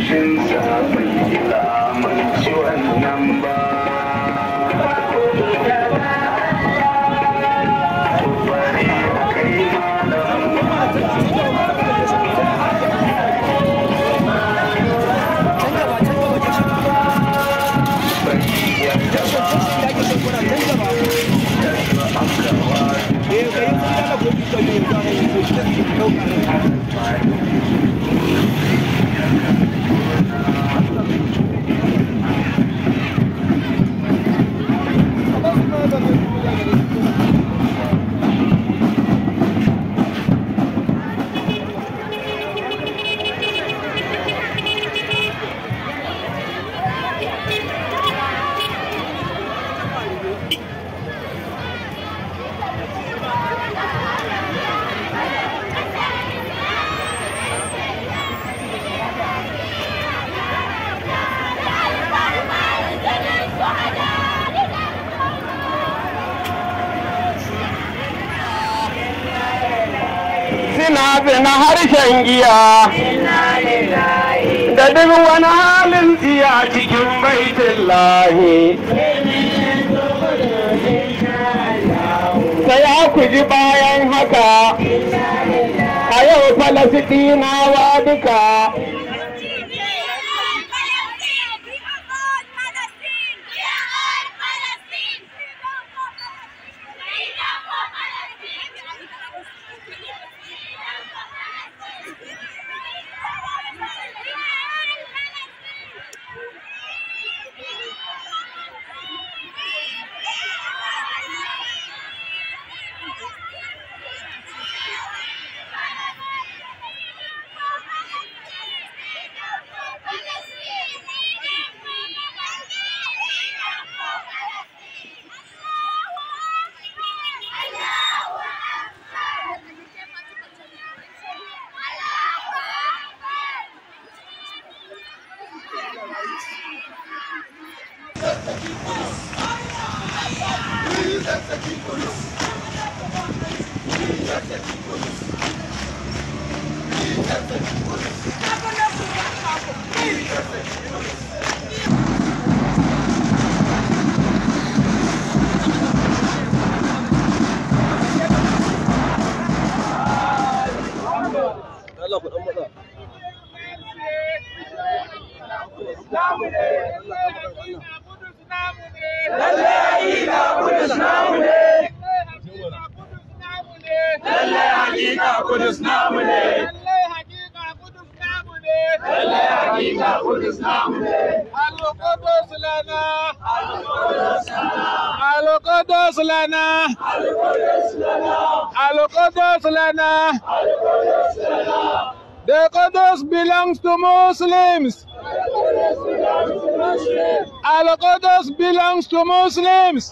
Shin na harshen giya da duk wani halin tsiya cikin baitin lahi sai ku ji bayan haka a yau falasitinawa duka Esse aqui, polícia! Polícia, Kudus namu ne. Lallai hakika Kudus namu ne. Al-Qudus lana. Al-Qudus lana. Al-Qudus lana. Al-Qudus lana. Al-Qudus lana. Al-Qudus lana. The Qudus belongs to Muslims. Al-Qudus belongs to Muslims. Al-Qudus belongs to Muslims.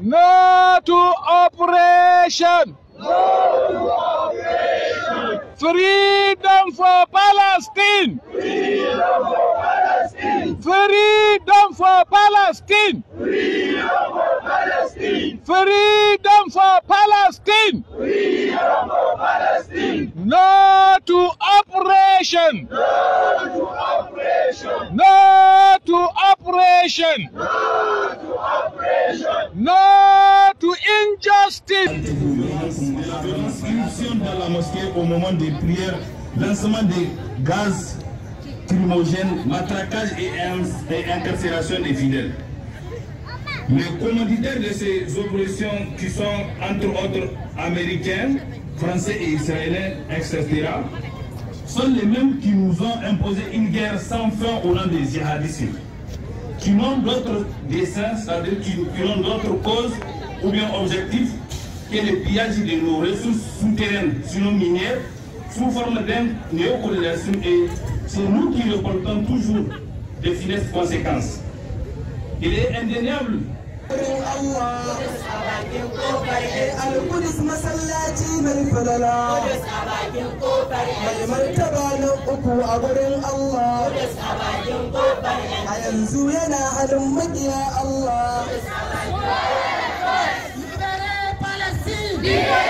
No to operation! No to operation! Freedom for Palestine! Freedom for Palestine! Freedom for Palestine! Freedom for Palestine! Freedom for Palestine! Freedom for Palestine! No to operation! No to operation! No to oppression! No to oppression! No to injustice! L'inscription dans la mosquée au moment des prières, lancement des gaz criminogènes, matraquage et, incarcération des fidèles. Les commanditaires de ces oppressions qui sont entre autres américains, français et israéliens, etc., sont les mêmes qui nous ont imposé une guerre sans fin au nom des djihadistes qui n'ont d'autres dessins, c'est-à-dire qui, n'ont d'autres causes ou bien objectifs que le pillage de nos ressources souterraines, sinon minières, sous forme d'un néocolonialisme et c'est nous qui portons toujours des finesses conséquences. Il est indéniable Wurin Allah, Al-Qudus masallaci mai mai martaba na uku a wurin Allah, a yanzu yana halin makiya Allah. Liberate Palestine!